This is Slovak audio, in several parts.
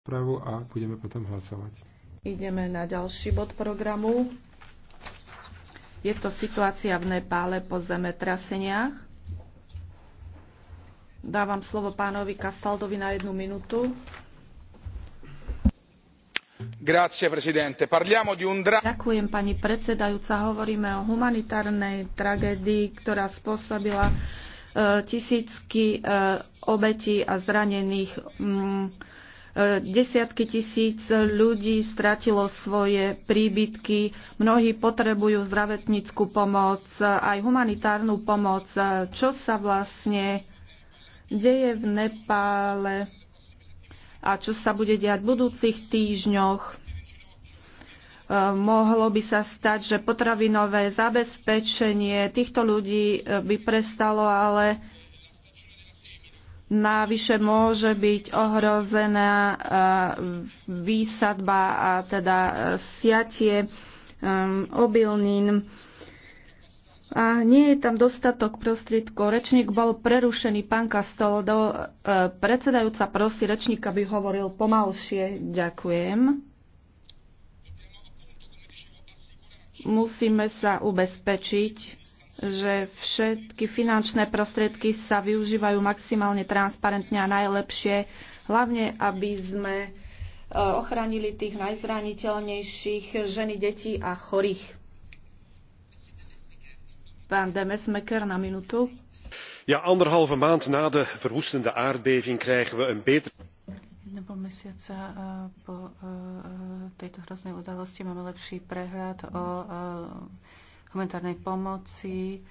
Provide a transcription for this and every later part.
správu a budeme potom hlasovať. Ideme na ďalší bod programu. Je to situácia v Nepále po zemetraseniach. Dávam slovo pánovi Kastaldovi na jednu minútu. Ďakujem, pani predsedajúca. Hovoríme o humanitárnej tragédii, ktorá spôsobila e, tisícky e, obetí a zranených. Mm, Desiatky tisíc ľudí stratilo svoje príbytky, mnohí potrebujú zdravotníckú pomoc, aj humanitárnu pomoc. Čo sa vlastne deje v Nepále a čo sa bude diať v budúcich týždňoch? Mohlo by sa stať, že potravinové zabezpečenie týchto ľudí by prestalo, ale Návyše môže byť ohrozená e, výsadba a teda e, siatie e, obilnín. A nie je tam dostatok prostriedkov. Rečník bol prerušený. Pán Kastoldo, predsedajúca prosí rečníka, aby hovoril pomalšie. Ďakujem. Musíme sa ubezpečiť, že všetky finančné prostriedky sa využívajú maximálne transparentne a najlepšie, hlavne aby sme e, ochránili tých najzraniteľnejších ženy, detí a chorých. Pán Demesmeker na minútu. Ja, anderhalve maand na de verwoestende aardbeving krijgen we een beter... Nebo mesiaca e, po e, tejto hroznej udalosti máme lepší prehľad o humanitárnej pomoci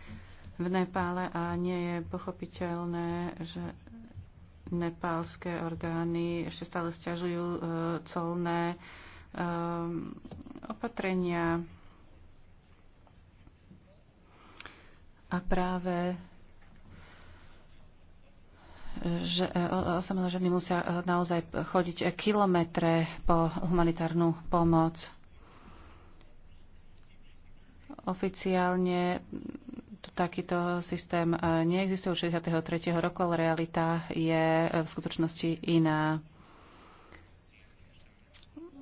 v Nepále a nie je pochopiteľné, že nepálske orgány ešte stále stiažujú e, colné e, opatrenia. A práve že e, osamelé ženy musia e, naozaj chodiť kilometre po humanitárnu pomoc. Oficiálne takýto systém e, neexistuje od 63. roku, ale realita je e, v skutočnosti iná.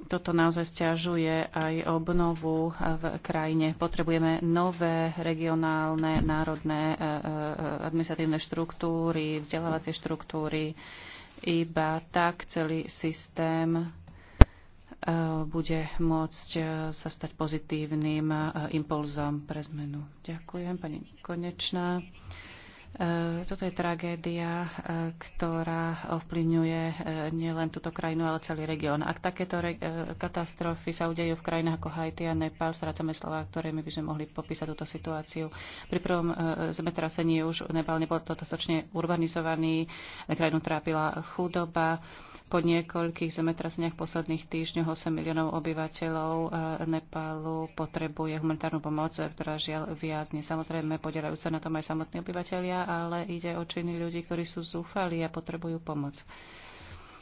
Toto naozaj stiažuje aj obnovu e, v krajine. Potrebujeme nové regionálne, národné administratívne štruktúry, vzdelávacie štruktúry. Iba tak celý systém E, bude môcť e, sa stať pozitívnym e, impulzom pre zmenu. Ďakujem, pani Konečná. Eh, toto je tragédia, eh, ktorá ovplyvňuje eh, nielen túto krajinu, ale celý región. Ak takéto re- katastrofy sa udejú v krajinách ako Haiti a Nepal, strácame slova, ktorými by sme mohli popísať túto situáciu. Pri prvom zemetrasení už Nepal nebol dostatočne urbanizovaný, krajinu trápila chudoba. Po niekoľkých zemetraseniach posledných týždňoch 8 miliónov obyvateľov Nepálu potrebuje humanitárnu pomoc, ktorá žiaľ viazne. Samozrejme, podielajú sa na tom aj samotní obyvateľia ale ide o činy ľudí, ktorí sú zúfali a potrebujú pomoc.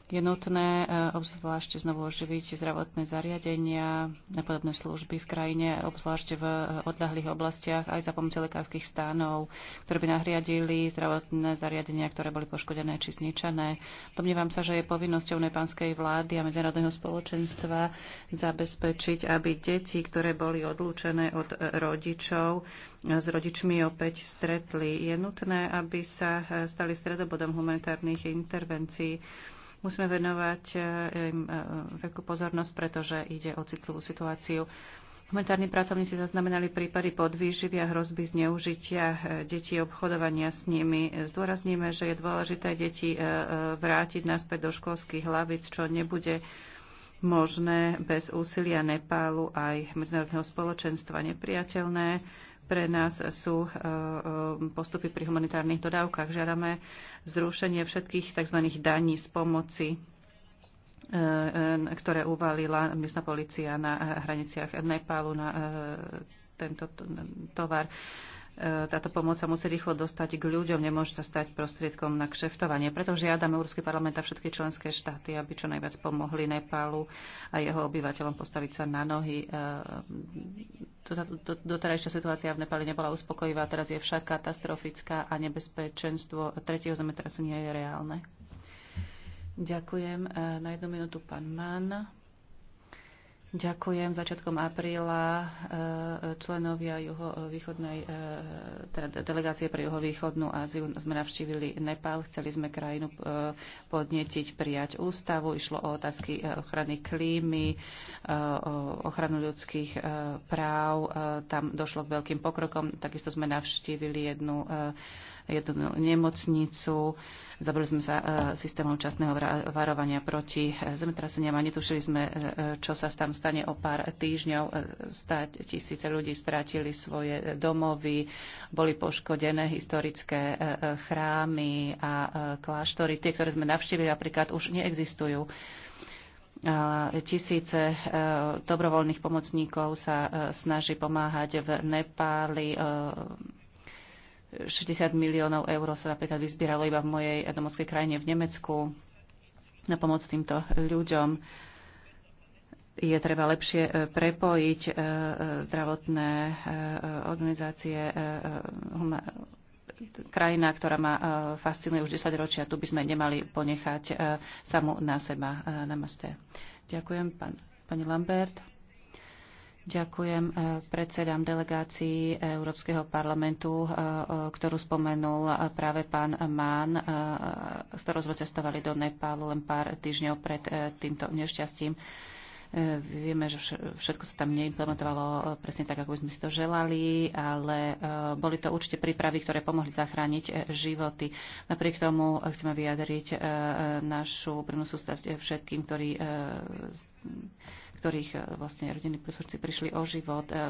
Je nutné eh, obzvlášť znovu oživiť zdravotné zariadenia a podobné služby v krajine, obzvlášť v eh, odľahlých oblastiach, aj za pomoci lekárskych stánov, ktoré by nahriadili zdravotné zariadenia, ktoré boli poškodené či zničené. Domnievam sa, že je povinnosťou nepánskej vlády a medzinárodného spoločenstva zabezpečiť, aby deti, ktoré boli odlúčené od eh, rodičov, s rodičmi opäť stretli. Je nutné, aby sa stali stredobodom humanitárnych intervencií Musíme venovať e, im e, veľkú pozornosť, pretože ide o citlivú situáciu. Humanitárni pracovníci zaznamenali prípady podvýživy a hrozby zneužitia e, detí obchodovania s nimi. Zdôrazníme, že je dôležité deti vrátiť naspäť do školských hlavic, čo nebude možné bez úsilia Nepálu aj medzinárodného spoločenstva nepriateľné pre nás sú e, e, postupy pri humanitárnych dodávkach. Žiadame zrušenie všetkých tzv. daní z pomoci e, ktoré uvalila miestna policia na hraniciach Nepálu na tento tovar. E, táto pomoc sa musí rýchlo dostať k ľuďom, nemôže sa stať prostriedkom na kšeftovanie. Preto žiadam Európsky parlament a všetky členské štáty, aby čo najviac pomohli Nepálu a jeho obyvateľom postaviť sa na nohy. E, doterajšia situácia v Nepále nebola uspokojivá, teraz je však katastrofická a nebezpečenstvo tretieho zemetrasenia je reálne. Ďakujem. E, na jednu minútu pán Mann. Ďakujem. Začiatkom apríla eh, členovia juhovýchodnej, eh, teda delegácie pre juhovýchodnú Áziu sme navštívili Nepal. Chceli sme krajinu eh, podnetiť, prijať ústavu. Išlo o otázky ochrany klímy, o ochranu ľudských práv. Tam došlo k veľkým pokrokom. Takisto sme navštívili jednu jednu nemocnicu. Zabrali sme sa e, systémom časného varovania proti e, zemetraseniam a netušili sme, e, čo sa tam stane o pár týždňov. Stať tisíce ľudí strátili svoje domovy, boli poškodené historické chrámy a kláštory. Tie, ktoré sme navštívili, napríklad už neexistujú tisíce dobrovoľných pomocníkov sa snaží pomáhať v Nepáli 60 miliónov eur sa napríklad vyzbieralo iba v mojej domovskej krajine v Nemecku na pomoc týmto ľuďom. Je treba lepšie e, prepojiť e, e, zdravotné organizácie, krajina, ktorá ma fascinuje už 10 ročia. Tu by sme nemali ponechať samu na seba. Namaste. Ďakujem, pán, pani Lambert. Ďakujem e, predsedám delegácií Európskeho parlamentu, e, e, ktorú spomenul práve pán Mán, s ktorou sme cestovali do Nepálu len pár týždňov pred týmto nešťastím. Vieme, že všetko sa tam neimplementovalo presne tak, ako sme si to želali, ale boli to určite prípravy, ktoré pomohli zachrániť životy. Napriek tomu chceme vyjadriť našu prvnú sústať všetkým, ktorí ktorých e, vlastne rodinní príslušníci prišli o život. E,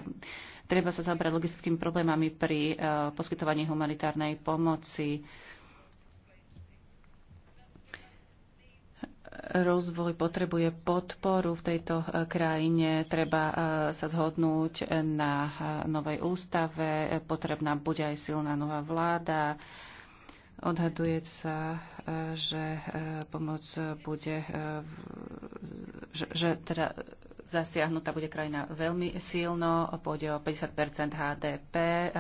treba sa zabrať logistickými problémami pri e, poskytovaní humanitárnej pomoci. rozvoj potrebuje podporu v tejto krajine, treba sa zhodnúť na novej ústave, potrebná bude aj silná nová vláda. Odhaduje sa, že pomoc bude, že, že teda zasiahnutá bude krajina veľmi silno, pôjde o 50 HDP. E, e,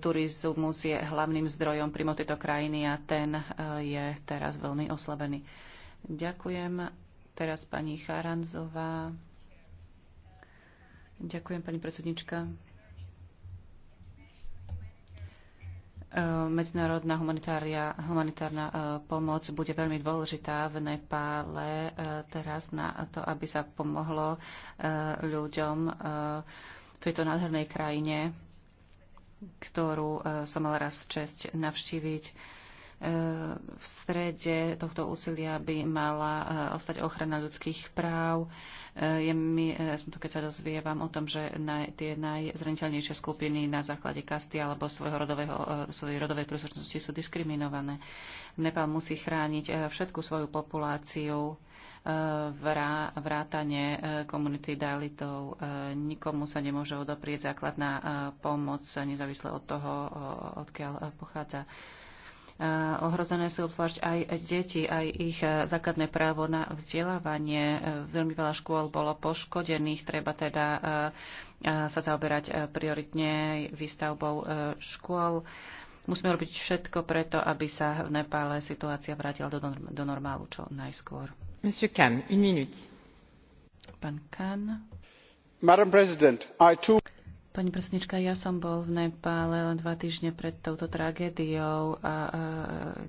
turizmus je hlavným zdrojom primo tejto krajiny a ten e, je teraz veľmi oslabený. Ďakujem. Teraz pani Charanzová. Ďakujem, pani predsednička. E, medzinárodná humanitárna e, pomoc bude veľmi dôležitá v Nepále e, teraz na to, aby sa pomohlo ľuďom v tejto nádhernej krajine, ktorú som mal raz čest navštíviť v strede tohto úsilia by mala e, ostať ochrana ľudských práv. E, je mi, e, keď sa dozvievam o tom, že na, tie najzraniteľnejšie skupiny na základe kasty alebo svojho rodového, svojej rodovej príslušnosti sú diskriminované. Nepal musí chrániť všetku svoju populáciu vrátanie komunity dalitov. Nikomu sa nemôže odoprieť základná pomoc, nezávisle od toho, odkiaľ pochádza. Ohrozené sú obzvlášť aj deti, aj ich e, základné právo na vzdelávanie. E, veľmi veľa škôl bolo poškodených, treba teda e, sa zaoberať prioritne výstavbou škôl. Musíme robiť všetko preto, aby sa v Nepále situácia vrátila do, do normálu čo najskôr. Monsieur Khan, une minute. Pán Khan. Madam President, I too... Pani presnička, ja som bol v Nepále len dva týždne pred touto tragédiou a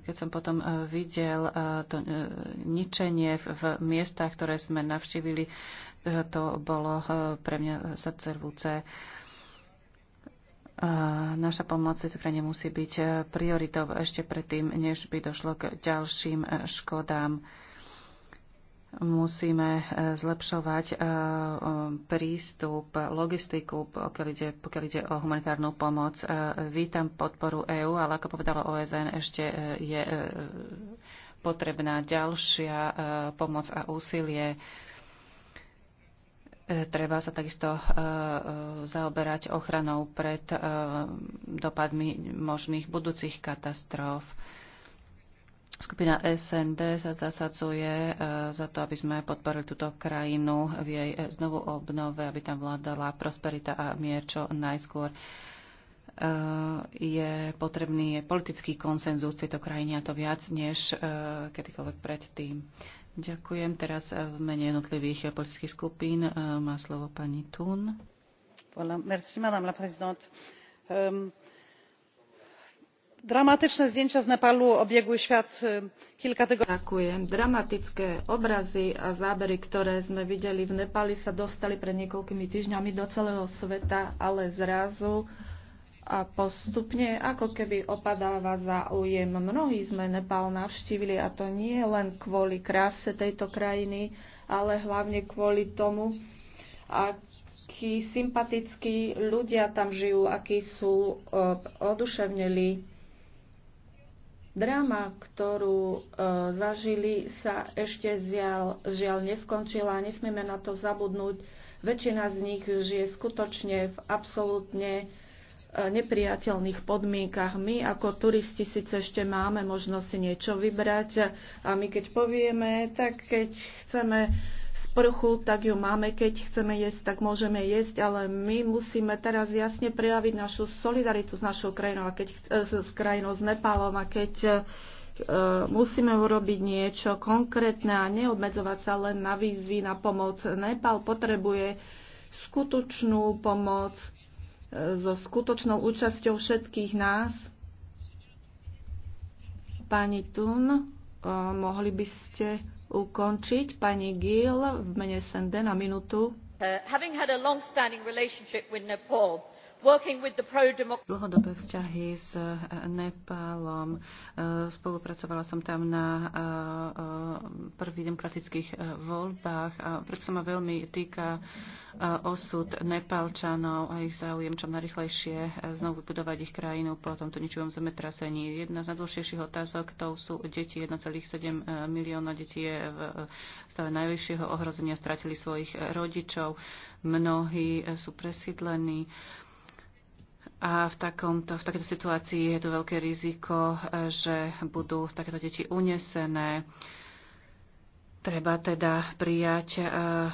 keď som potom e, videl e, to e, ničenie v miestach, ktoré sme navštívili, to bolo pre mňa srdcervúce. Naša pomoc v Ukrajine musí byť prioritou ešte predtým, než by došlo k ďalším škodám musíme e, zlepšovať e, e, prístup, logistiku, pokiaľ ide, pokiaľ ide o humanitárnu pomoc. Vítam podporu EÚ, ale ako povedalo OSN, ešte je potrebná ďalšia pomoc a úsilie. Treba sa takisto zaoberať ochranou pred dopadmi možných budúcich katastrof. Skupina SND sa zasadzuje e, za to, aby sme podporili túto krajinu v jej e, znovu obnove, aby tam vládala prosperita a mier čo najskôr. E, je potrebný politický konsenzus v tejto krajine a to viac než kedykoľvek predtým. Ďakujem. Teraz v mene jednotlivých politických skupín má slovo pani Tun. Voilà. Merci, madame la présidente. Um, dramatyczne zdjęcia z nepalu obiegły świat kilka tygodni. Ďakujem. Dramatické obrazy a zábery, ktoré sme videli v Nepáli sa dostali pred niekoľkými týždňami do celého sveta, ale zrazu a postupne ako keby opadáva záujem. Mnohí sme Nepal navštívili a to nie len kvôli kráse tejto krajiny, ale hlavne kvôli tomu, akí sympatickí ľudia tam žijú, akí sú e, oduševnili. Dráma, ktorú e, zažili, sa ešte ziaľ, žiaľ neskončila a nesmieme na to zabudnúť. Väčšina z nich žije skutočne v absolútne e, nepriateľných podmienkach. My ako turisti síce ešte máme možnosť si niečo vybrať a my keď povieme, tak keď chceme sprchu, tak ju máme, keď chceme jesť, tak môžeme jesť, ale my musíme teraz jasne prejaviť našu solidaritu s našou krajinou a keď, eh, s krajinou s Nepálom a keď eh, musíme urobiť niečo konkrétne a neobmedzovať sa len na výzvy, na pomoc. Nepal potrebuje skutočnú pomoc eh, so skutočnou účasťou všetkých nás. Pani Tun. Eh, mohli by ste ukončiť pani Gil v mene Sende na minútu? Uh, Dlhodobé vzťahy s eh, Nepálom. Eh, spolupracovala som tam na eh, prvých demokratických voľbách a preto sa ma veľmi týka osud Nepálčanov a ich záujem čo najrychlejšie znovu vybudovať ich krajinu po tomto ničivom zemetrasení. Jedna z najdôležitejších otázok to sú deti. 1,7 milióna detí je v stave najvyššieho ohrozenia, stratili svojich rodičov, mnohí sú presídlení. A v, takomto, v takéto situácii je to veľké riziko, že budú takéto deti unesené. Treba teda prijať e,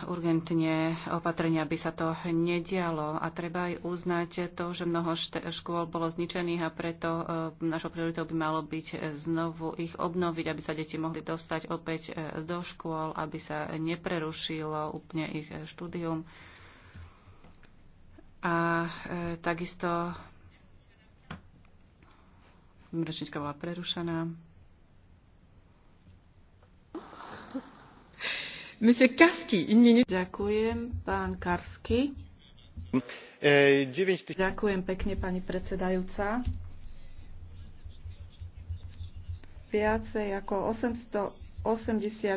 urgentne opatrenia, aby sa to nedialo. A treba aj uznať to, že mnoho škôl bolo zničených a preto e, našou prioritou by malo byť znovu ich obnoviť, aby sa deti mohli dostať opäť e, do škôl, aby sa neprerušilo úplne ich štúdium. A e, takisto rečnička bola prerušená. Monsieur Karski, une minute. Ďakujem, pán Karsky. E, 9... Ďakujem pekne, pani predsedajúca. Viacej ako 880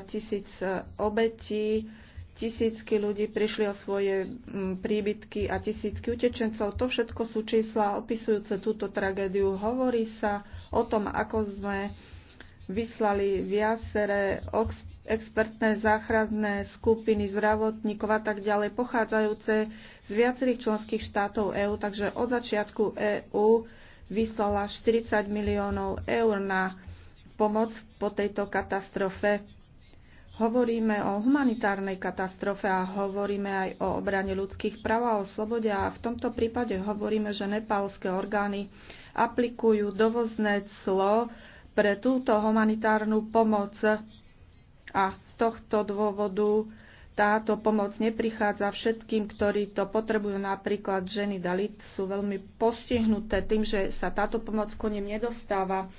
tisíc obetí Tisícky ľudí prišli o svoje mm, príbytky a tisícky utečencov. To všetko sú čísla opisujúce túto tragédiu. Hovorí sa o tom, ako sme vyslali viaceré expertné záchranné skupiny zdravotníkov a tak ďalej, pochádzajúce z viacerých členských štátov EÚ. Takže od začiatku EÚ vyslala 40 miliónov eur na pomoc po tejto katastrofe. Hovoríme o humanitárnej katastrofe a hovoríme aj o obrane ľudských práv a o slobode a v tomto prípade hovoríme, že nepálske orgány aplikujú dovozné clo pre túto humanitárnu pomoc a z tohto dôvodu táto pomoc neprichádza všetkým, ktorí to potrebujú. Napríklad ženy Dalit sú veľmi postihnuté tým, že sa táto pomoc konem nedostáva.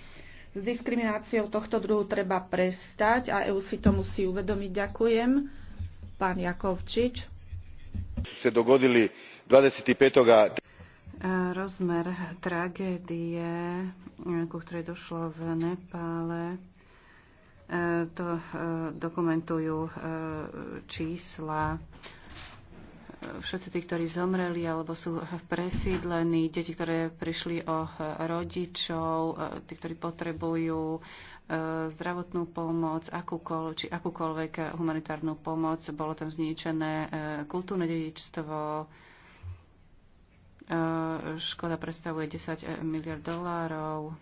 S diskrimináciou tohto druhu treba prestať a EU si to musí uvedomiť. Ďakujem. Pán Jakovčič. Se dogodili 25. Rozmer tragédie, ku ktorej došlo v Nepále, e, to e, dokumentujú e, čísla všetci tí, ktorí zomreli alebo sú presídlení, deti, ktoré prišli o rodičov, e, tí, ktorí potrebujú e, zdravotnú pomoc, akúkoľ, či akúkoľvek humanitárnu pomoc. Bolo tam zničené e, kultúrne dedičstvo. Škoda predstavuje 10 miliard dolárov.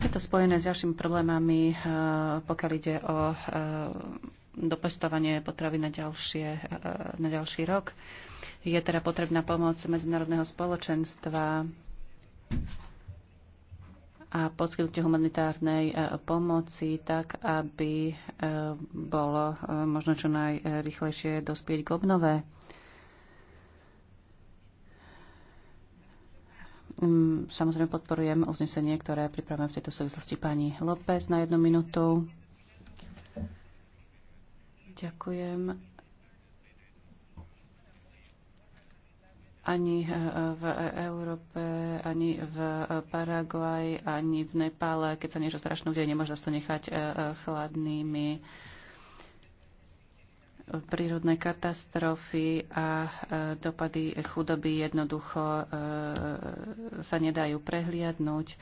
Je to spojené s ďalšími problémami, pokiaľ ide o dopestovanie potravy na, ďalšie, eh, na ďalší rok. Je teda potrebná pomoc medzinárodného spoločenstva a poskytnutie humanitárnej eh, pomoci tak, aby eh, bolo možno čo najrychlejšie dospieť k obnove. Mm, samozrejme podporujem uznesenie, ktoré pripravujem v tejto súvislosti pani López na jednu minútu. Ďakujem. Ani eh, v Európe, ani v Paraguaj, ani v Nepále, keď sa niečo strašné udeje, nemôžno sa to nechať eh, eh, chladnými prírodné katastrofy a dopady chudoby jednoducho sa nedajú prehliadnúť.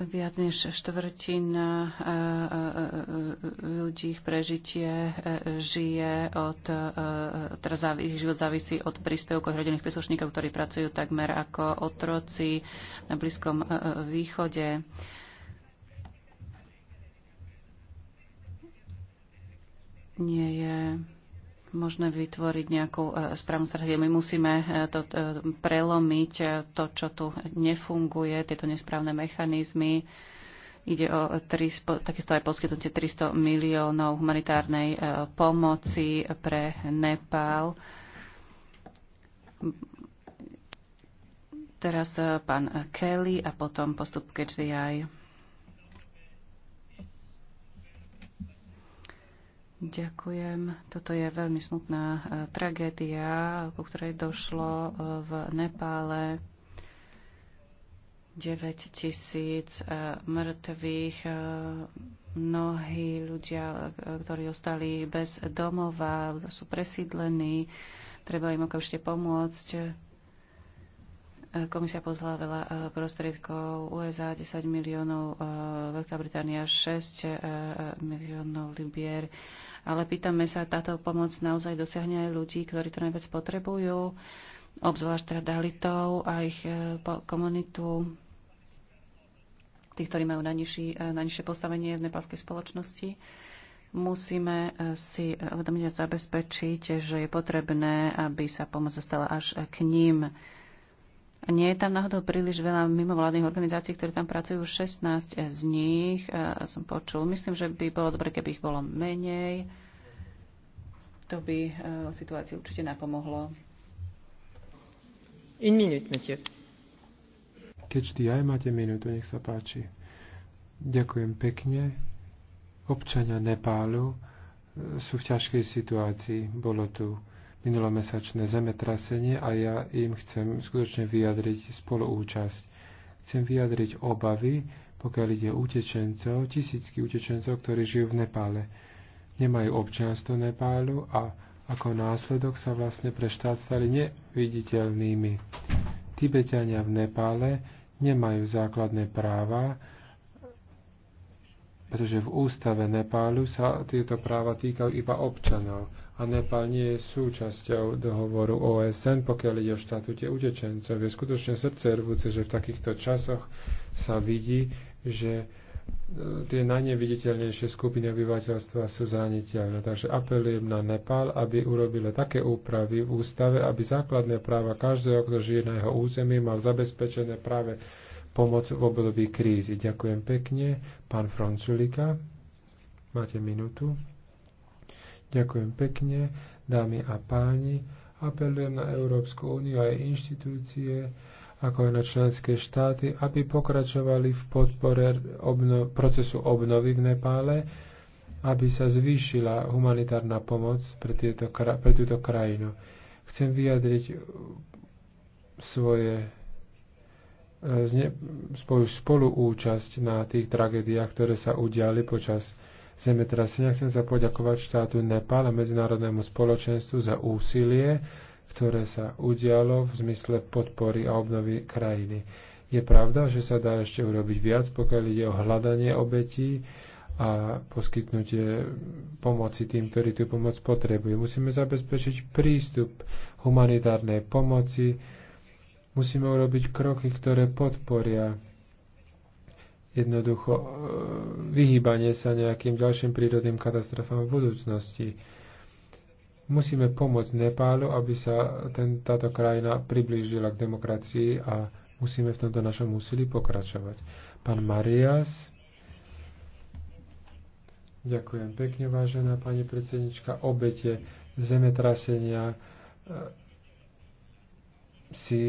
Viac než štvrtina e, e, e, ľudí ich prežitie žije od, teraz ich život závisí od príspevkov rodinných príslušníkov, ktorí pracujú takmer ako otroci na Blízkom východe. Nie je možné vytvoriť nejakú e, správnu stratégiu. My musíme e, to e, prelomiť to, čo tu nefunguje, tieto nesprávne mechanizmy. Ide o 300, takisto aj poskytnutie 300 miliónov humanitárnej pomoci pre Nepál. Teraz pán Kelly a potom postup KGI. Ďakujem. Toto je veľmi smutná e, tragédia, po ktorej došlo e, v Nepále. 9 tisíc e, mŕtvych, mnohí ľudia, ktorí ostali bez domova, sú presídlení, treba im okamžite pomôcť. Komisia pozvala veľa prostriedkov USA 10 miliónov, Veľká Británia 6 miliónov libier ale pýtame sa, táto pomoc naozaj dosiahne aj ľudí, ktorí to najviac potrebujú, obzvlášť teda Dalitov a ich e, komunitu, tých, ktorí majú najnižší, e, najnižšie postavenie v nepalskej spoločnosti musíme e, si uvedomiť a zabezpečiť, že je potrebné, aby sa pomoc dostala až k ním. Nie je tam náhodou príliš veľa mimovládnych organizácií, ktoré tam pracujú. 16 z nich e, som počul. Myslím, že by bolo dobre, keby ich bolo menej. To by e, situácii určite napomohlo. Une minút, monsieur. Keď vždy aj máte minútu, nech sa páči. Ďakujem pekne. Občania Nepálu e, sú v ťažkej situácii. Bolo tu minulomesačné zemetrasenie a ja im chcem skutočne vyjadriť spoluúčasť. Chcem vyjadriť obavy, pokiaľ ide utečencov, tisícky utečencov, ktorí žijú v Nepále. Nemajú občianstvo Nepálu a ako následok sa vlastne pre štát stali neviditeľnými. Tibetania v Nepále nemajú základné práva, pretože v ústave Nepálu sa tieto práva týkajú iba občanov a Nepal nie je súčasťou dohovoru OSN, pokiaľ ide o štatúte utečencov. Je skutočne srdce rvúce, že v takýchto časoch sa vidí, že e, tie najneviditeľnejšie skupiny obyvateľstva sú zraniteľné. Takže apelujem na Nepal, aby urobili také úpravy v ústave, aby základné práva každého, kto žije na jeho území, mal zabezpečené práve pomoc v období krízy. Ďakujem pekne. Pán Franculika, máte minútu. Ďakujem pekne, dámy a páni. Apelujem na Európsku úniu aj inštitúcie, ako aj na členské štáty, aby pokračovali v podpore obno- procesu obnovy v Nepále, aby sa zvýšila humanitárna pomoc pre, tieto, pre túto krajinu. Chcem vyjadriť svoje e, svoju spoluúčasť na tých tragédiách, ktoré sa udiali počas zemetrasenia. Chcem sa poďakovať štátu Nepal a medzinárodnému spoločenstvu za úsilie, ktoré sa udialo v zmysle podpory a obnovy krajiny. Je pravda, že sa dá ešte urobiť viac, pokiaľ ide o hľadanie obetí a poskytnutie pomoci tým, ktorí tú pomoc potrebujú. Musíme zabezpečiť prístup humanitárnej pomoci, musíme urobiť kroky, ktoré podporia jednoducho e, vyhýbanie sa nejakým ďalším prírodným katastrofám v budúcnosti. Musíme pomôcť Nepálu, aby sa ten, táto krajina priblížila k demokracii a musíme v tomto našom úsilí pokračovať. Pán Marias. Ďakujem pekne, vážená pani predsednička. Obete zemetrasenia e, si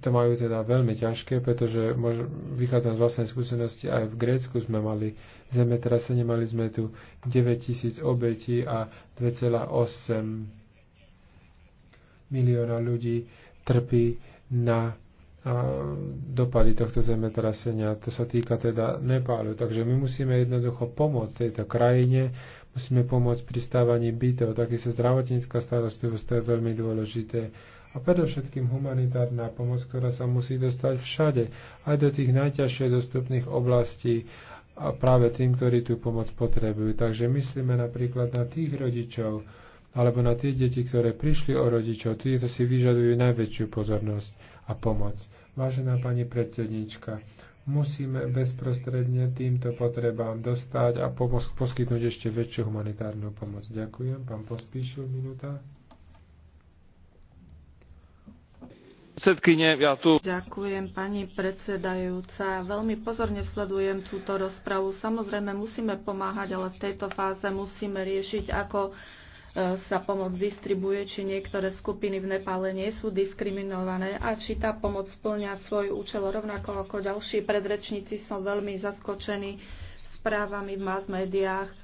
to majú teda veľmi ťažké, pretože mož, vychádzam z vlastnej skúsenosti, aj v Grécku sme mali zemetrasenie, mali sme tu 9000 obetí a 2,8 milióna ľudí trpí na dopady tohto zemetrasenia. To sa týka teda Nepálu. Takže my musíme jednoducho pomôcť tejto krajine, musíme pomôcť pri stávaní bytov. Takisto zdravotnícka starostlivosť, to je veľmi dôležité a predovšetkým humanitárna pomoc, ktorá sa musí dostať všade, aj do tých najťažšie dostupných oblastí a práve tým, ktorí tú pomoc potrebujú. Takže myslíme napríklad na tých rodičov, alebo na tie deti, ktoré prišli o rodičov, tieto si vyžadujú najväčšiu pozornosť a pomoc. Vážená pani predsednička, musíme bezprostredne týmto potrebám dostať a poskytnúť ešte väčšiu humanitárnu pomoc. Ďakujem. Pán Pospíšil, minúta. Ďakujem, pani predsedajúca. Veľmi pozorne sledujem túto rozpravu. Samozrejme, musíme pomáhať, ale v tejto fáze musíme riešiť, ako e, sa pomoc distribuje, či niektoré skupiny v Nepále nie sú diskriminované a či tá pomoc splňa svoj účel rovnako ako ďalší predrečníci. Som veľmi zaskočený správami v mass médiách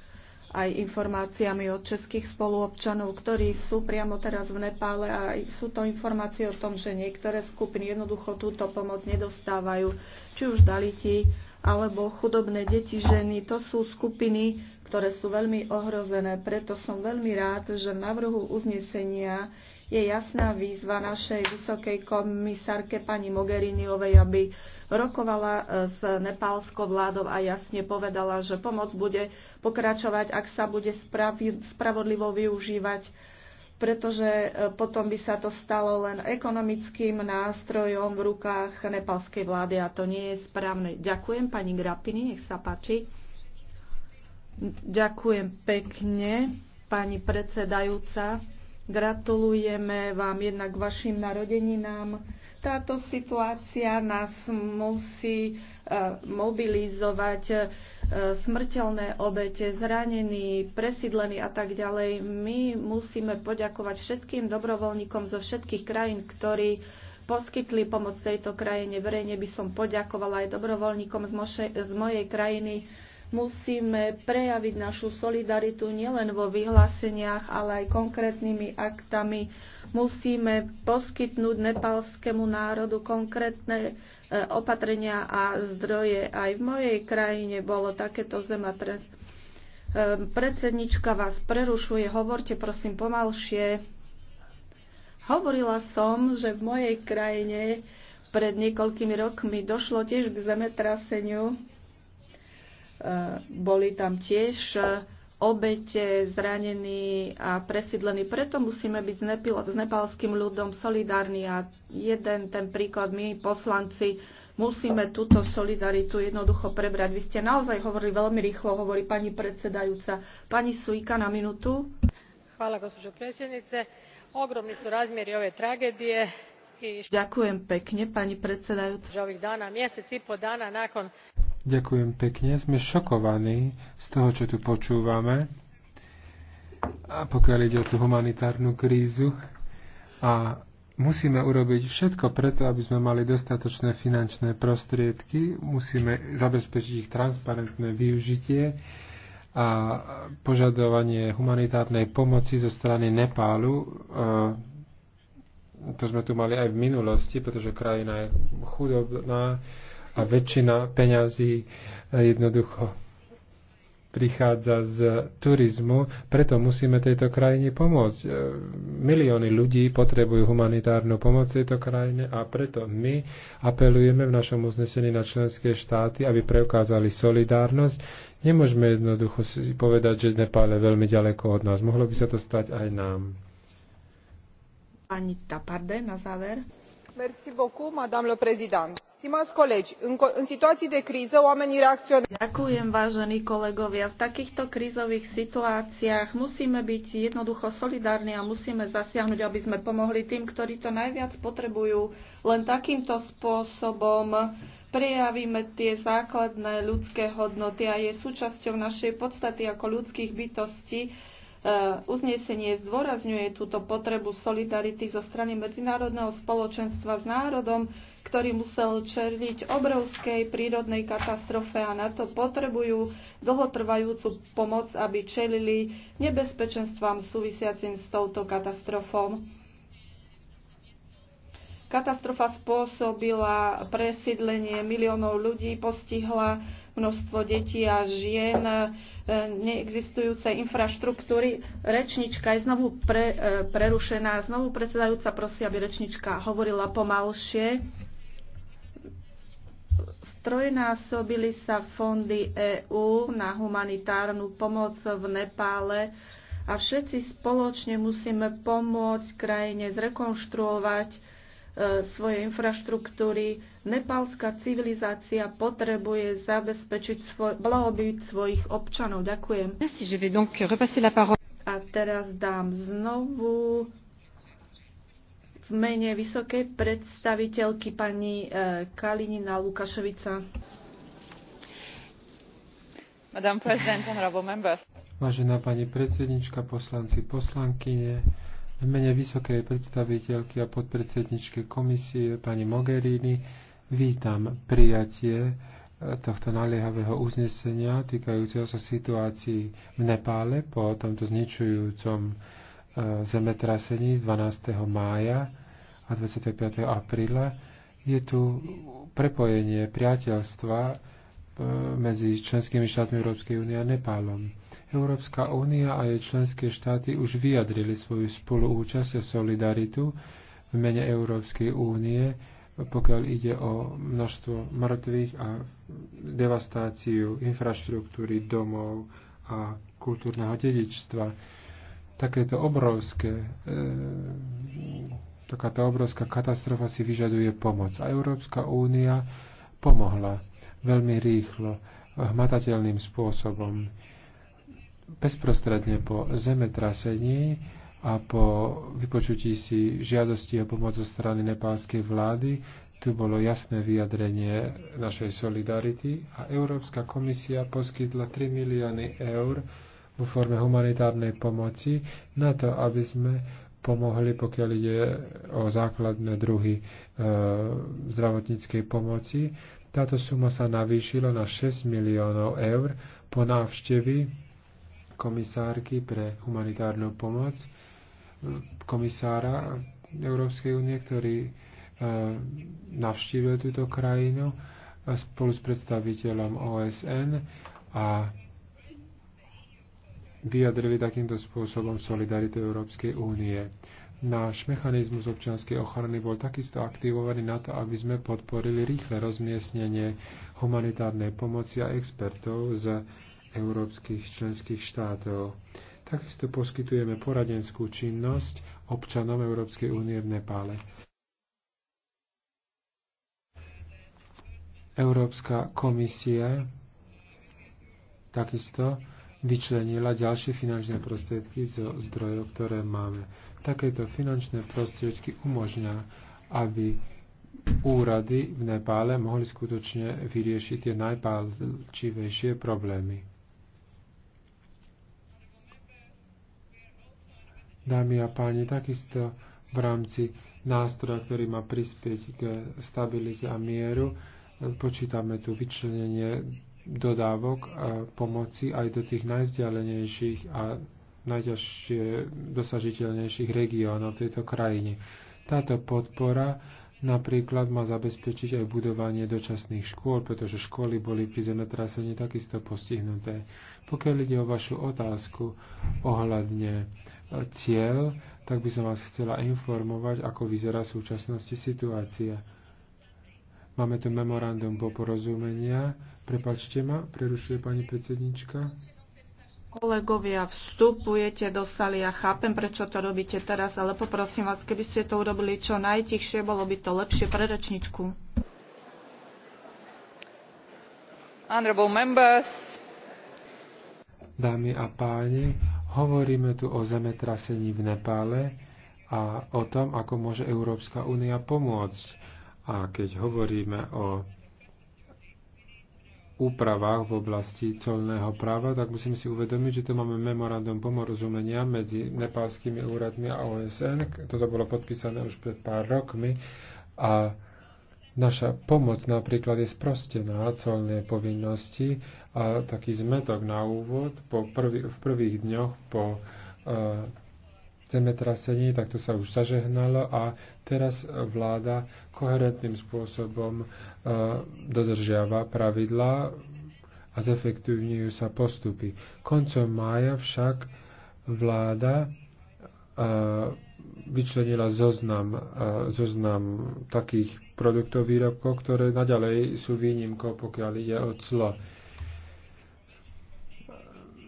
aj informáciami od českých spoluobčanov, ktorí sú priamo teraz v Nepále a sú to informácie o tom, že niektoré skupiny jednoducho túto pomoc nedostávajú, či už daliti alebo chudobné deti, ženy. To sú skupiny, ktoré sú veľmi ohrozené. Preto som veľmi rád, že v návrhu uznesenia je jasná výzva našej vysokej komisárke pani Mogheriniovej, aby rokovala e, s nepálskou vládou a jasne povedala, že pomoc bude pokračovať, ak sa bude spravodlivo využívať, pretože e, potom by sa to stalo len ekonomickým nástrojom v rukách nepalskej vlády a to nie je správne. Ďakujem pani Grapini, nech sa páči. Ďakujem pekne, pani predsedajúca. Gratulujeme vám jednak vašim narodeninám táto situácia nás musí e, mobilizovať e, smrteľné obete, zranení, presídlení a tak ďalej. My musíme poďakovať všetkým dobrovoľníkom zo všetkých krajín, ktorí poskytli pomoc tejto krajine. Verejne by som poďakovala aj dobrovoľníkom z, moše, z mojej krajiny, musíme prejaviť našu solidaritu nielen vo vyhláseniach, ale aj konkrétnymi aktami. Musíme poskytnúť nepalskému národu konkrétne e, opatrenia a zdroje. Aj v mojej krajine bolo takéto zematres. E, predsednička vás prerušuje, hovorte prosím pomalšie. Hovorila som, že v mojej krajine pred niekoľkými rokmi došlo tiež k zemetraseniu boli tam tiež e, obete, zranení a presídlení. Preto musíme byť s, nepalským ľudom solidárni a jeden ten príklad my, poslanci, musíme túto solidaritu jednoducho prebrať. Vy ste naozaj hovorili veľmi rýchlo, hovorí pani predsedajúca. Pani Sujka na minútu. Hvala, gospođo predsednice. Ogromni sú razmieri ove tragédie. I... Ďakujem pekne, pani predsedajúca. Ovih dana, mjesec i po dana nakon Ďakujem pekne. Sme šokovaní z toho, čo tu počúvame. A pokiaľ ide o tú humanitárnu krízu. A musíme urobiť všetko preto, aby sme mali dostatočné finančné prostriedky. Musíme zabezpečiť ich transparentné využitie a požadovanie humanitárnej pomoci zo strany Nepálu. E, to sme tu mali aj v minulosti, pretože krajina je chudobná a väčšina peňazí eh, jednoducho prichádza z turizmu, preto musíme tejto krajine pomôcť. Eh, milióny ľudí potrebujú humanitárnu pomoc tejto krajine a preto my apelujeme v našom uznesení na členské štáty, aby preukázali solidárnosť. Nemôžeme jednoducho si povedať, že Nepál je veľmi ďaleko od nás. Mohlo by sa to stať aj nám. Pani Taparde na záver. Merci beaucoup, madame le président stimați colegi în situații de criză oamenii reacționează. Ďakujem, vážení kolegovia. V takýchto krízových situáciách musíme byť jednoducho solidárni a musíme zasiahnuť, aby sme pomohli tým, ktorí to najviac potrebujú. Len takýmto spôsobom prejavíme tie základné ľudské hodnoty a je súčasťou našej podstaty ako ľudských bytostí, e, uznesenie zdôrazňuje túto potrebu solidarity zo strany medzinárodného spoločenstva s národom, ktorý musel čeliť obrovskej prírodnej katastrofe a na to potrebujú dlhotrvajúcu pomoc, aby čelili nebezpečenstvám súvisiacim s touto katastrofou. Katastrofa spôsobila presídlenie miliónov ľudí, postihla množstvo detí a žien, e, neexistujúce infraštruktúry. Rečnička je znovu pre, e, prerušená. Znovu predsedajúca prosí, aby rečnička hovorila pomalšie. Strojnásobili sa fondy EÚ na humanitárnu pomoc v Nepále a všetci spoločne musíme pomôcť krajine zrekonštruovať e, svoje infraštruktúry. Nepálska civilizácia potrebuje zabezpečiť svoj, blahobyt svojich občanov. Ďakujem. A teraz dám znovu v mene vysokej predstaviteľky pani eh, Kalinina Lukašovica. Vážená pani predsednička, poslanci, poslankyne, v mene vysokej predstaviteľky a podpredsedničky komisie pani Mogherini vítam prijatie eh, tohto naliehavého uznesenia týkajúceho sa situácii v Nepále po tomto zničujúcom zemetrasení z 12. mája a 25. apríla. Je tu prepojenie priateľstva e, medzi členskými štátmi Európskej únie a Nepálom. Európska únia a jej členské štáty už vyjadrili svoju spoluúčasť a solidaritu v mene Európskej únie, pokiaľ ide o množstvo mŕtvych a devastáciu infraštruktúry, domov a kultúrneho dedičstva takéto obrovské, e, takáto obrovská katastrofa si vyžaduje pomoc. A Európska únia pomohla veľmi rýchlo, hmatateľným spôsobom, bezprostredne po zemetrasení a po vypočutí si žiadosti o pomoc zo strany nepálskej vlády tu bolo jasné vyjadrenie našej solidarity a Európska komisia poskytla 3 milióny eur vo forme humanitárnej pomoci na to, aby sme pomohli, pokiaľ ide o základné druhy e, zdravotníckej pomoci. Táto suma sa navýšila na 6 miliónov eur po návštevy komisárky pre humanitárnu pomoc, komisára Európskej únie, ktorý e, navštívil túto krajinu e, spolu s predstaviteľom OSN a vyjadrili takýmto spôsobom solidaritu Európskej únie. Náš mechanizmus občianskej ochrany bol takisto aktivovaný na to, aby sme podporili rýchle rozmiestnenie humanitárnej pomoci a expertov z európskych členských štátov. Takisto poskytujeme poradenskú činnosť občanom Európskej únie v Nepále. Európska komisia takisto vyčlenila ďalšie finančné prostriedky zo zdrojov, ktoré máme. Takéto finančné prostriedky umožňa, aby úrady v Nepále mohli skutočne vyriešiť tie najpálčivejšie problémy. Dámy a páni, takisto v rámci nástroja, ktorý má prispieť k stabilite a mieru, počítame tu vyčlenenie dodávok a pomoci aj do tých najvzdialenejších a najťažšie dosažiteľnejších regiónov v tejto krajine. Táto podpora napríklad má zabezpečiť aj budovanie dočasných škôl, pretože školy boli pri zemetrasení takisto postihnuté. Pokiaľ ide o vašu otázku ohľadne e, cieľ, tak by som vás chcela informovať, ako vyzerá v súčasnosti situácia. Máme tu memorandum po porozumenia, Prepačte ma, prerušuje pani predsednička. Kolegovia, vstupujete do sály, ja chápem, prečo to robíte teraz, ale poprosím vás, keby ste to urobili čo najtichšie, bolo by to lepšie pre rečničku. Dámy a páni, hovoríme tu o zemetrasení v Nepále a o tom, ako môže Európska únia pomôcť. A keď hovoríme o úpravách v oblasti colného práva, tak musíme si uvedomiť, že tu máme memorandum pomorozumenia medzi nepálskymi úradmi a OSN. Toto bolo podpísané už pred pár rokmi a naša pomoc napríklad je sprostená colné povinnosti a taký zmetok na úvod po prvý, v prvých dňoch po uh, zemetrasení, tak to sa už zažehnalo a teraz vláda koherentným spôsobom e, dodržiava pravidlá a zefektívňujú sa postupy. Koncom mája však vláda e, vyčlenila zoznam, e, zoznam takých produktov, výrobkov, ktoré naďalej sú výnimkou, pokiaľ ide o clo.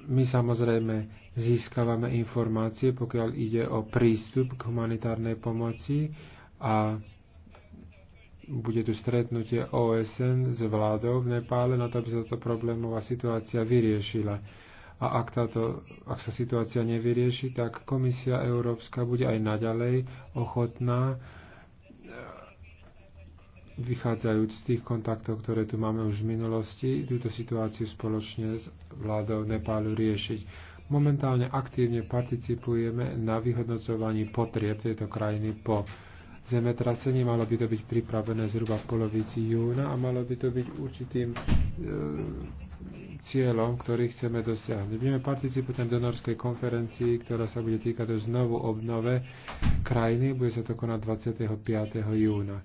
My samozrejme získavame informácie, pokiaľ ide o prístup k humanitárnej pomoci a bude tu stretnutie OSN s vládou v Nepále na to, aby sa táto problémová situácia vyriešila. A ak, táto, ak sa situácia nevyrieši, tak Komisia Európska bude aj naďalej ochotná e, vychádzajúc z tých kontaktov, ktoré tu máme už v minulosti, túto situáciu spoločne s vládou Nepálu riešiť. Momentálne aktívne participujeme na vyhodnocovaní potrieb tejto krajiny po zemetrasení. Malo by to byť pripravené zhruba v polovici júna a malo by to byť určitým e, cieľom, ktorý chceme dosiahnuť. Budeme participovať v donorskej konferencii, ktorá sa bude týkať znovu obnove krajiny. Bude sa to konať 25. júna.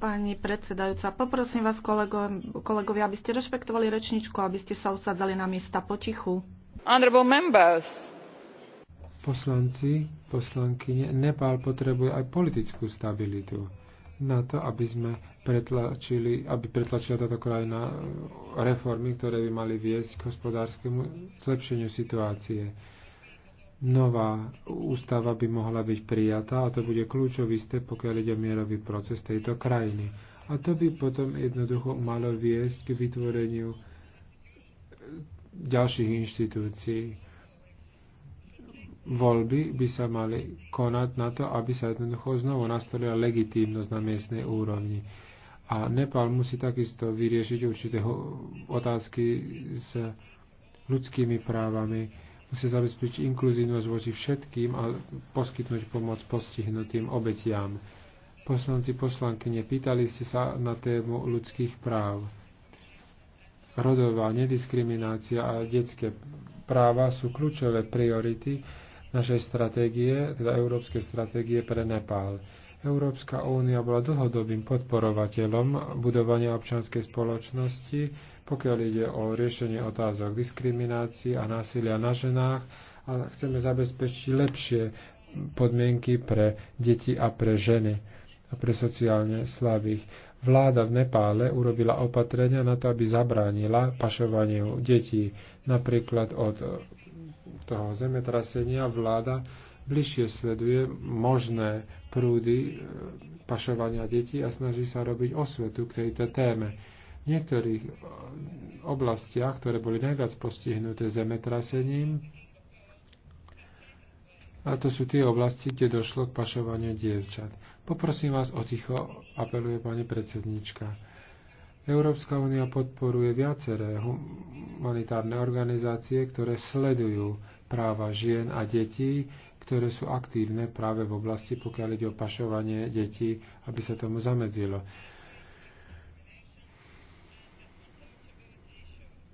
Pani predsedajúca, poprosím vás, kolego, kolegovia, aby ste rešpektovali rečničku, aby ste sa usadzali na miesta potichu. Poslanci, poslankyne, Nepál potrebuje aj politickú stabilitu na to, aby sme pretlačili, aby pretlačila táto krajina eh, reformy, ktoré by mali viesť k hospodárskemu zlepšeniu situácie. Nová ústava by mohla byť prijatá a to bude kľúčový step, pokiaľ ide o mierový proces tejto krajiny. A to by potom jednoducho malo viesť k vytvoreniu ďalších inštitúcií. Voľby by sa mali konať na to, aby sa jednoducho znovu nastolila legitímnosť na miestnej úrovni. A Nepal musí takisto vyriešiť určité otázky s ľudskými právami, musí zabezpečiť inkluzívnosť voči všetkým a poskytnúť pomoc postihnutým obetiam. Poslanci, poslankyne, pýtali ste sa na tému ľudských práv rodová nediskriminácia a detské práva sú kľúčové priority našej stratégie, teda európskej stratégie pre Nepál. Európska únia bola dlhodobým podporovateľom budovania občianskej spoločnosti, pokiaľ ide o riešenie otázok diskriminácií a násilia na ženách a chceme zabezpečiť lepšie podmienky pre deti a pre ženy a pre sociálne slabých. Vláda v Nepále urobila opatrenia na to, aby zabránila pašovaniu detí. Napríklad od e, toho zemetrasenia vláda bližšie sleduje možné prúdy e, pašovania detí a snaží sa robiť osvetu k tejto téme. V niektorých e, oblastiach, ktoré boli najviac postihnuté zemetrasením, a to sú tie oblasti, kde došlo k pašovaniu dievčat. Poprosím vás o ticho, apeluje pani predsednička. Európska únia podporuje viaceré humanitárne organizácie, ktoré sledujú práva žien a detí, ktoré sú aktívne práve v oblasti, pokiaľ ide o pašovanie detí, aby sa tomu zamedzilo.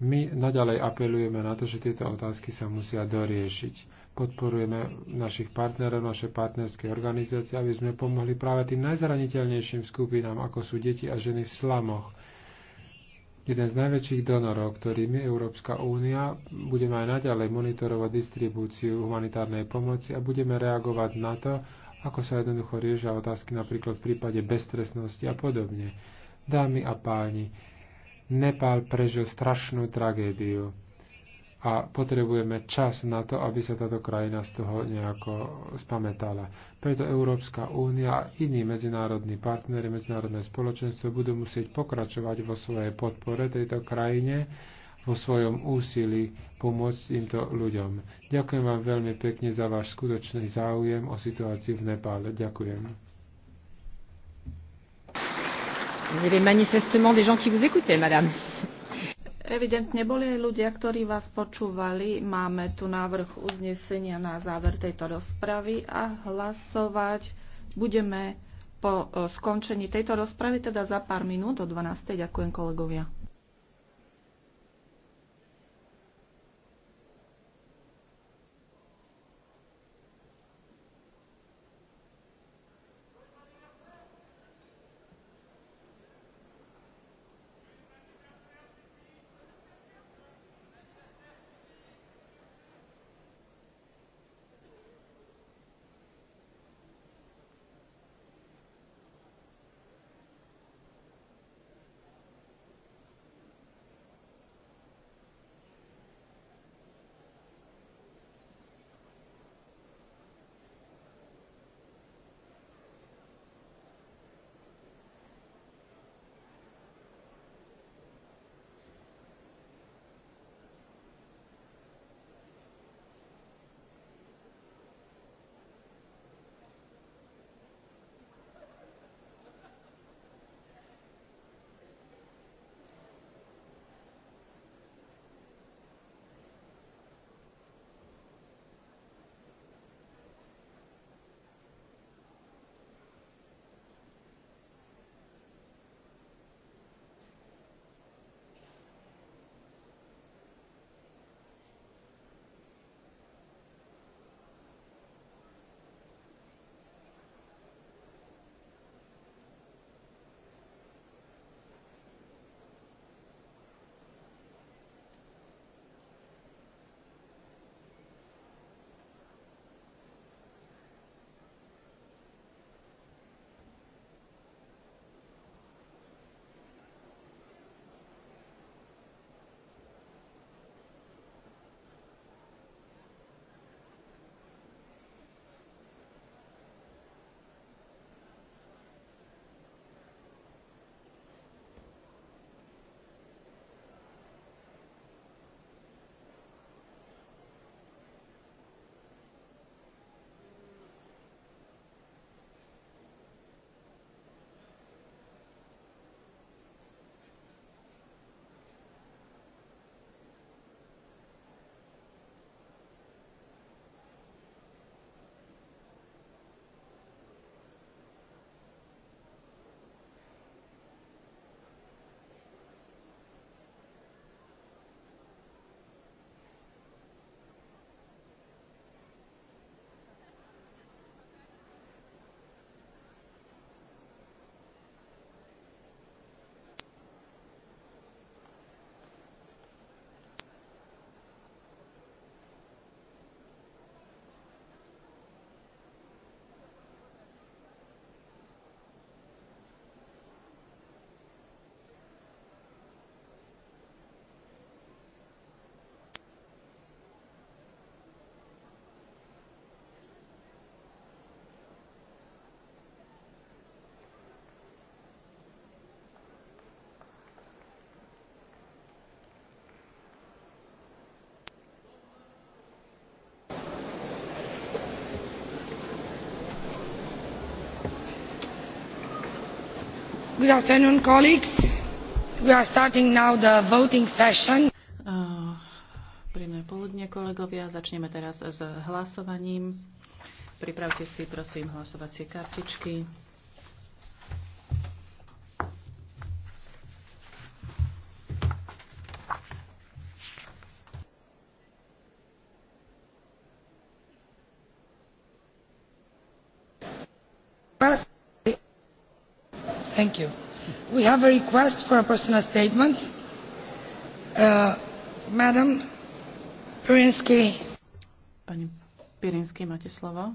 My naďalej apelujeme na to, že tieto otázky sa musia doriešiť podporujeme našich partnerov, naše partnerské organizácie, aby sme pomohli práve tým najzraniteľnejším skupinám, ako sú deti a ženy v slamoch. Jeden z najväčších donorov, ktorým je Európska únia, budeme aj naďalej monitorovať distribúciu humanitárnej pomoci a budeme reagovať na to, ako sa jednoducho riešia otázky napríklad v prípade beztresnosti a podobne. Dámy a páni, Nepál prežil strašnú tragédiu a potrebujeme čas na to, aby sa táto krajina z toho nejako spametala. Preto Európska únia a iní medzinárodní partnery, medzinárodné spoločenstvo budú musieť pokračovať vo svojej podpore tejto krajine, vo svojom úsilí pomôcť týmto ľuďom. Ďakujem vám veľmi pekne za váš skutočný záujem o situáciu v Nepále. Ďakujem. Il y avait manifestement des gens qui vous écoutaient, madame. Evidentne boli aj ľudia, ktorí vás počúvali. Máme tu návrh uznesenia na záver tejto rozpravy a hlasovať budeme po e, skončení tejto rozpravy, teda za pár minút o 12. Ďakujem kolegovia. Good afternoon, colleagues. We are starting now the voting session. Ah, príjemné poludne, kolegovia. Začneme teraz s hlasovaním. Pripravte si, prosím, hlasovacie kartičky. we have a request for a personal statement. Uh, Madam Pirinsky. Pani Pirinsky, máte slovo.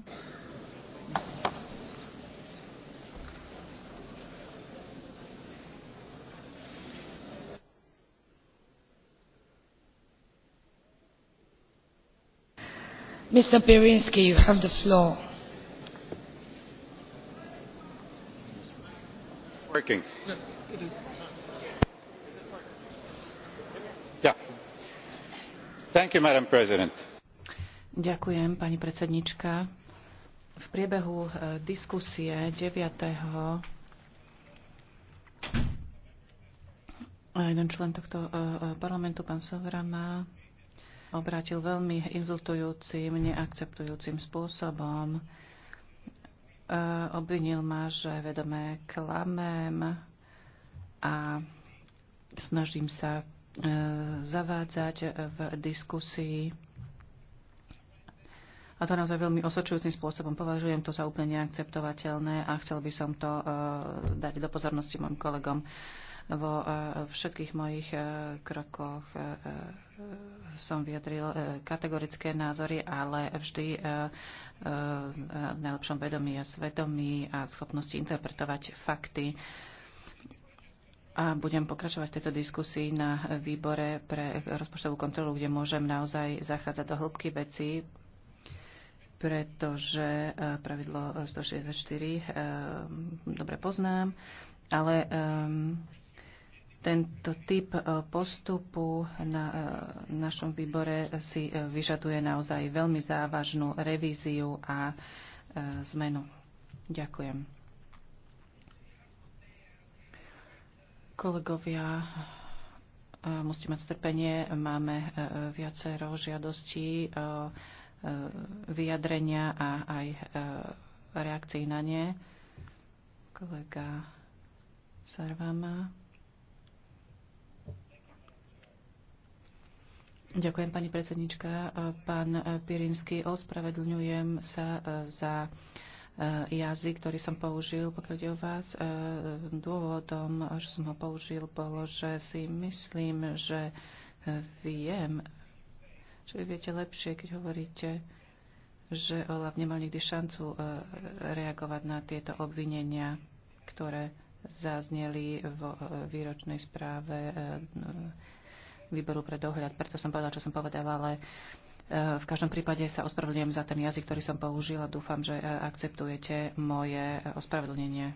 Mr. Pirinsky, you have the floor. Working. Ďakujem, pani predsednička. V priebehu e, diskusie 9. jeden člen tohto e, e, parlamentu, pán Sovrama, obrátil veľmi inzultujúcim, neakceptujúcim spôsobom. Obvinil ma, že vedome klamem, a snažím sa e, zavádzať v diskusii a to naozaj veľmi osočujúcim spôsobom. Považujem to za úplne neakceptovateľné a chcel by som to e, dať do pozornosti môjim kolegom vo e, všetkých mojich krokoch som vyjadril kategorické názory, ale vždy v najlepšom vedomí a svedomí a schopnosti interpretovať fakty a budem pokračovať v tejto diskusii na výbore pre rozpočtovú kontrolu, kde môžem naozaj zachádzať do hĺbky veci, pretože e, pravidlo 164 e, dobre poznám, ale tento typ e, postupu na našom výbore si vyžaduje naozaj veľmi závažnú revíziu a zmenu. Ďakujem. Kolegovia, e, musíte mať strpenie. Máme e, viacero žiadostí, e, vyjadrenia a aj reakcií na ne. Kolega Sarvama. Ďakujem, pani predsednička. Pán Pirinsky, ospravedlňujem sa za Eh, jazyk, ktorý som použil, pokiaľ ide o vás. Eh, dôvodom, že som ho použil, bolo, že si myslím, že eh, viem, že viete lepšie, keď hovoríte, že Olaf nemal nikdy šancu reagovať na tieto obvinenia, ktoré zazneli v výročnej správe výboru pre dohľad. Preto som povedala, čo som povedala, ale v každom prípade sa ospravedlňujem za ten jazyk, ktorý som použil a Dúfam, že e, akceptujete moje ospravedlnenie.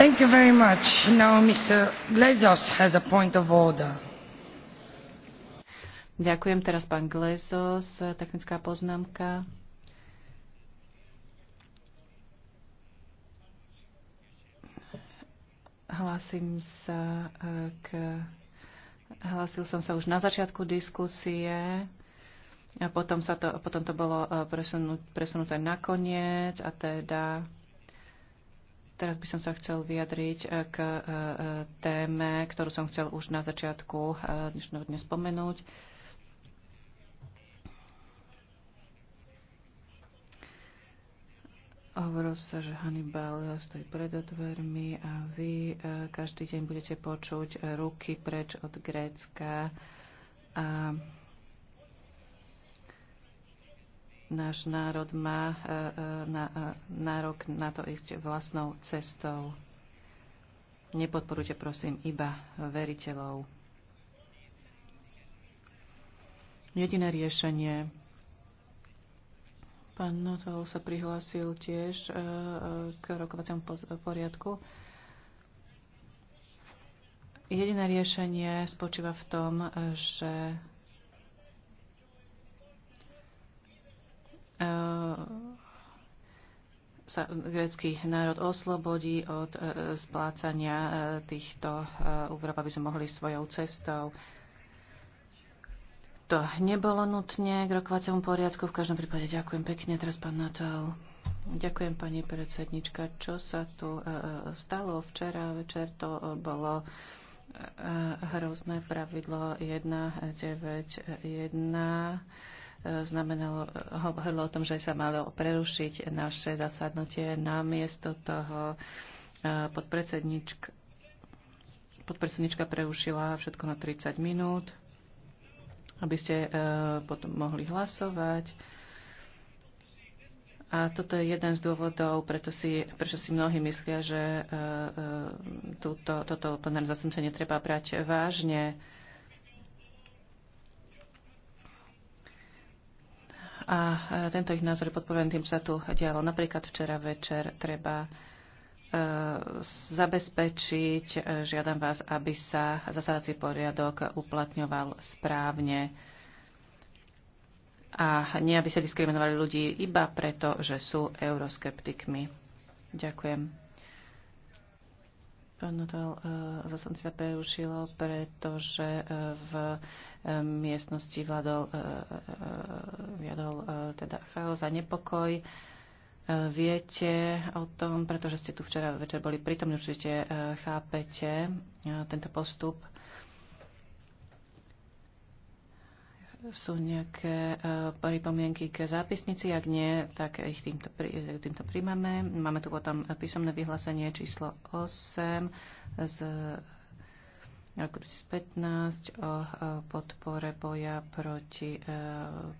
Thank you very much. Now Mr. Glezos has a point of order. Ďakujem. Teraz pán Glezos, technická poznámka. Hlasím sa eh, k... Hlasil som sa už na začiatku diskusie. A potom, sa to, potom to bolo eh, presunúť, presunuté na koniec a teda teraz by som sa chcel vyjadriť eh, k téme, ktorú som chcel už na začiatku dnešného dne spomenúť. Hovorilo sa, že Hannibal stojí pred dvermi a vy e, každý deň budete počuť e, ruky preč od Grécka a náš národ má e, nárok na to ísť vlastnou cestou. Nepodporujte prosím iba veriteľov. Jediné riešenie Pán Notval sa prihlásil tiež e, e, k rokovaciemu poriadku. Jediné riešenie spočíva v tom, že e, sa grécky národ oslobodí od splácania týchto úverov, aby sme mohli svojou cestou to nebolo nutne k rokovaciemu poriadku. V každom prípade ďakujem pekne. Teraz pán Natal. Ďakujem, pani predsednička. Čo sa tu e, e, stalo včera večer, to e, bolo hrozné pravidlo 191 znamenalo, hovorilo o tom, že sa malo prerušiť naše zasadnutie. Namiesto toho podpredsednička, podpredsednička preušila všetko na 30 minút aby ste e, potom mohli hlasovať. A toto je jeden z dôvodov, preto si, prečo si mnohí myslia, že e, e, túto, toto plenárne zasamsenie treba brať vážne. A tento ich názor je podporený tým, čo sa tu dialo. Napríklad včera večer treba E, zabezpečiť. E, žiadam vás, aby sa zasadací poriadok uplatňoval správne a nie, aby sa diskriminovali ľudí iba preto, že sú euroskeptikmi. Ďakujem. Pán Notel, zase sa prerušilo, pretože e, v miestnosti vládol, vládol teda chaos a nepokoj viete o tom, pretože ste tu včera večer boli prítomní, určite eh, chápete eh, tento postup. Sú nejaké eh, pripomienky k zápisnici? Ak nie, tak ich týmto, týmto príjmame. Máme tu potom písomné vyhlásenie číslo 8 z roku 2015 o podpore boja proti e,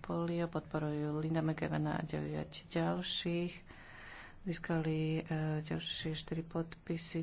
polio. Podporujú Linda McEvena a 9 ďalších. Získali e, ďalšie 4 podpisy.